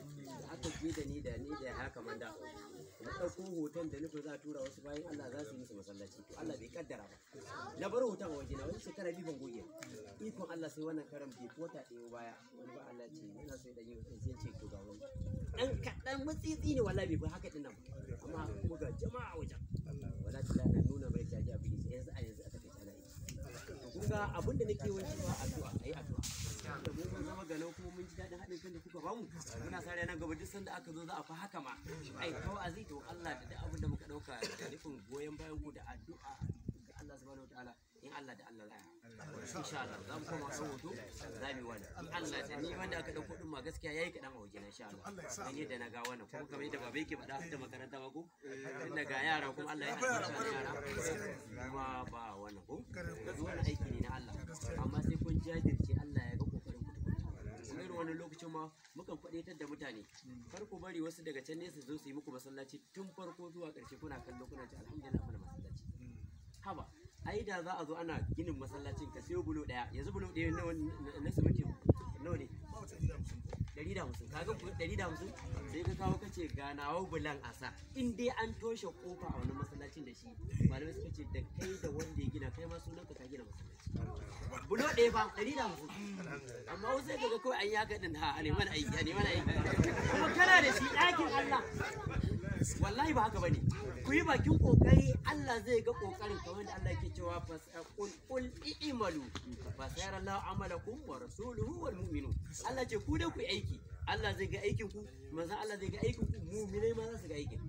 aka je da ni da ni da haka manda ɗauko hoton da nufin za a tura wasu bayan Allah za su yi musu masallaci to Allah bai kaddara ba na bar hoton a waje na wani shekara biyu ban goge ikon Allah sai wannan karan bai kota ɗaya baya wani ba Allah ce yana so da yi hoton sai ce ko ga wani dan kaɗan matsitsi ne wallahi bai haka din nan amma kuma ga jama'a wajen wallahi Allah na nuna mai jaji abin yanzu a yanzu aka kai ana yi kun ga abinda da nake wancewa addu'a zuwa addu'a a mun zama daɗin haɗin kan da kuka bamu muna sa nan gaba duk sanda aka zo za a fa haka ma ai kawai azai to Allah da abin da muka dauka da nufin goyon bayan ku da addu'a ga Allah subhanahu wataala in Allah da Allah laya insha Allah za mu koma hoto za mu wani in Allah da ni wanda aka dauko din ma gaskiya yayi kadan a waje na insha Allah an yadda na ga wannan kuma kamar yadda baba yake faɗa da makaranta ba ko inda ga yara kuma Allah ya yara kuma ba wannan ko duk wani aiki ne na Allah amma sai kun jajirce Allah ya wani lokacin ma mukan faɗetar da mutane kar ku bari wasu daga can nesa zo su yi muku masallaci tun farko zuwa ƙarshe kuna kallo kuna ji alhamdulillah muna masallaci haba ai da za a zo ana ginin masallacin ka sayo bulo ɗaya yanzu bulo ɗaya na siminti nawa ne hamsin sai ka kawo kace ga nawa bulan asa in dai an toshe kofa a wani masallacin da shi malamai suka ce da kai da wanda ya gina kai ma sunan ka gina masallaci bulo ɗaya hamsin amma sai kaga kawai an yi haka ha a neman aiki a neman aiki kuma kana da shi ɗakin Allah wallahi ba haka ku yi bakin kokari Allah zai ga kokarin kamar da Allah ke cewa fasaqul qul i'malu fa sayarallahu amalakum wa rasuluhu wal mu'minun Allah ce ku da ku aiki Allah zai ga aikin ku manzon Allah zai ga aikin ku mu'minai ma za su ga aikin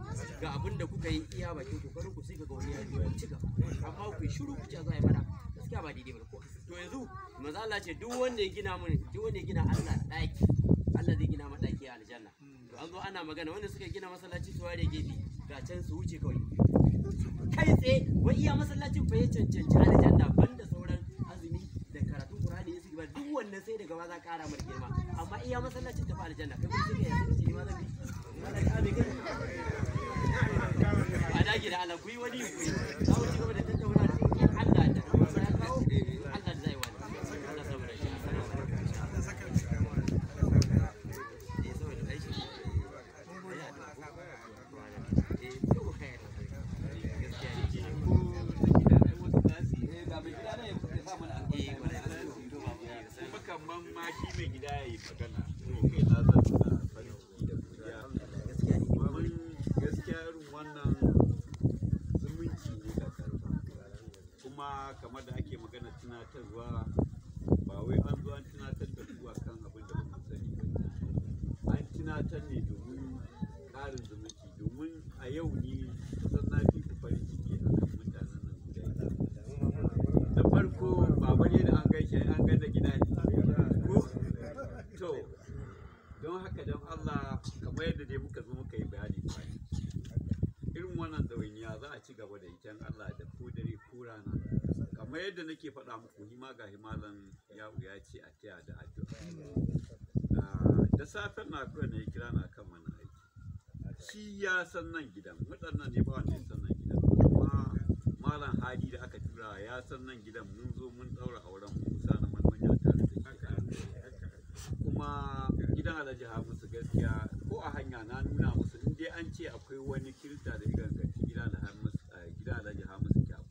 ga abin da kuka yi iya bakin kokarin ku sai ga wani ya yi cika amma ku shiru ku ci za a yi mana gaskiya ba daidai ba ko to yanzu manzon Allah ce duk wanda ya gina mun duk wanda ya gina Allah daki Allah zai gina mata daki a aljanna to an zo ana magana wanda suka gina masallaci su ware gefe ga su wuce kawai kai tsaye wai iya masallacin fa ya cancanci aljanna banda sauran azumi da karatun qur'ani ya ba duk wannan sai daga ba za kara mar girma amma iya masallacin ta fa aljanna kai kuma sai ya ci ma zabi a dage da mai gida ya yi magana ko kai na zan farin ciki da godiya domin gaskiya irin wannan zumunci ne da karfa kuma kamar da ake magana tunatarwa to don haka don Allah kamar yadda dai muka zo muka yi bayani kwani irin wannan ɗawainiya za a ci gaba da ita Allah da ko dare ko rana kamar yadda nake faɗa muku hima ga himalan ya ya ce a taya da addu'a ah, da safen na kura ne kira na kan mana aiki shi ya san nan gidan waɗannan ne ba wanda ya san nan gidan kuma malam hadi da aka tura ya san nan gidan mun zo mun ɗaura auren musa na manyan tare da shi kuma gidan alhaji hamisu gaskiya ko a hanya na nuna musu in dai an ce akwai wani kirista da ganganci eh, gidan alhaji hamisu kyabu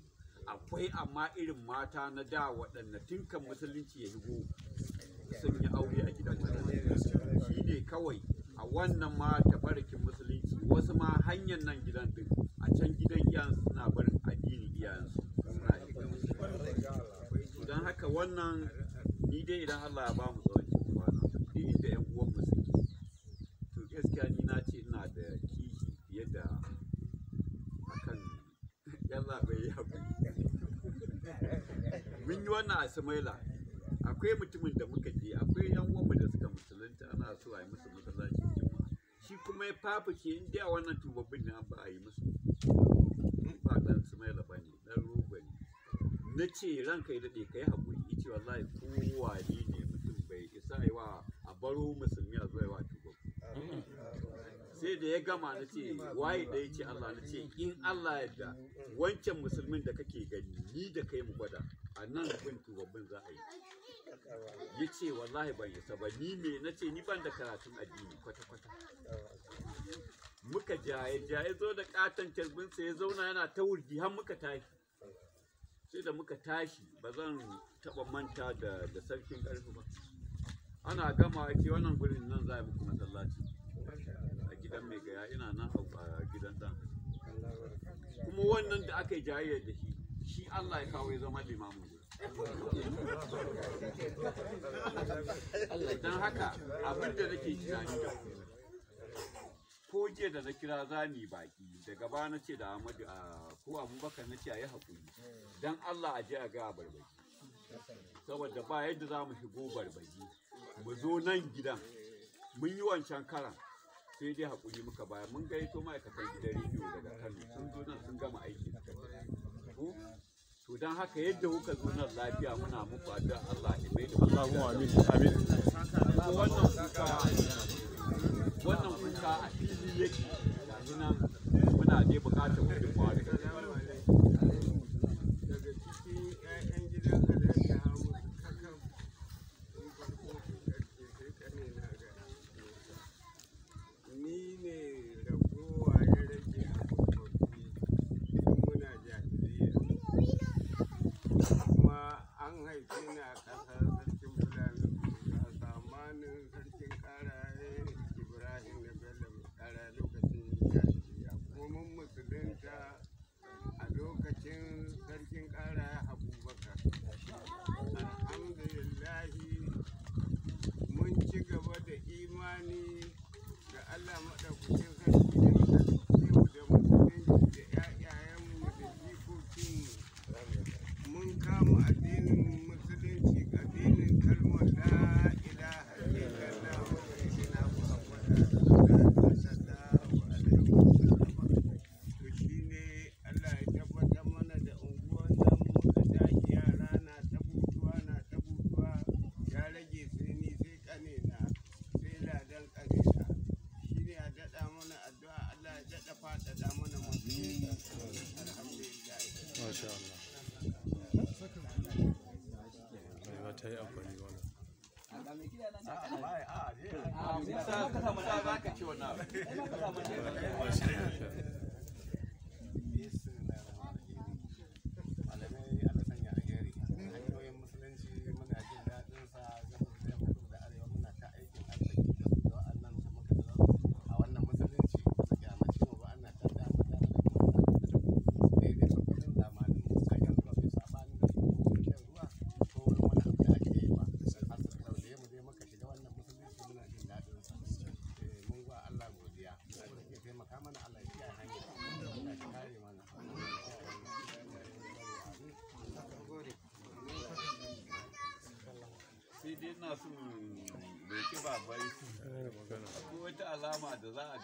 akwai amma irin mata na da waɗanda tinkan musulunci ya higo sun yi aure a gidan shi ne kawai a wannan ma tabarikin musulunci wasu ma hanyar nan gidan din a can gidan iyansu suna barin addini iyayensu suna shiga don haka wannan ni dai idan allah ya bamu mun yi wannan a akwai mutumin da muka je akwai yan uwanmu da suka musulunta ana so a yi musu masallacin juma'a shi kuma ya ke in da wannan tubabin ne an ba a yi musu ba dan ba bane dan rogo ne na ce ranka ya daɗe ka yi haƙuri ya ce wallahi kowa ne mutum bai isa yi a baro musulmi a zuwa wa tubabbi sai da ya gama na ce waye da ya ce Allah na ce in Allah yadda wancan musulmin da kake gani ni da kai mu gwada a nan bin tubabbin za a yi ya ce wallahi ban yasa ba ni me na ce ni ban da karatun addini kwata-kwata muka jaye jaye zo da katon tarbinsa ya zauna yana ta wurgi har muka tashi sai da muka tashi ba zan taba manta da da sarkin karfi ba ana gama ake wannan gurin nan za a muku masallaci dan mai gaya ina nan a gidan dan kuma wannan da aka yi jayayya da shi shi Allah ya kawo ya zama limamin don haka abin da nake tunani da ko jiya da na kira zani baki daga ba na ce da Ahmadu a ko Abubakar na ce a yi haƙuri don Allah a je a ga barbaji saboda ba yadda zamu mu shigo barbaji mu zo nan gidan mun yi wancan karan sai dai hakuri muka baya mun gaito ma'aikatan gidan rediyo daga kano sun zo nan sun gama aiki ko to don haka yadda kuka zo nan lafiya muna muku addu'a Allah ya mai da Allahu amin amin wannan kuka wannan kuka a cikin yake ga nan muna dai bukatar gudunmawa kwari in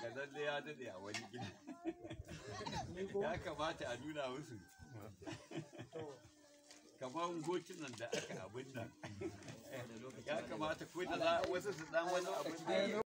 haka lalle ya dade a wani gini ya kamata a nuna musu kamar gotunan da aka abin nan eh, ya kamata ko da wasu su dan wani abin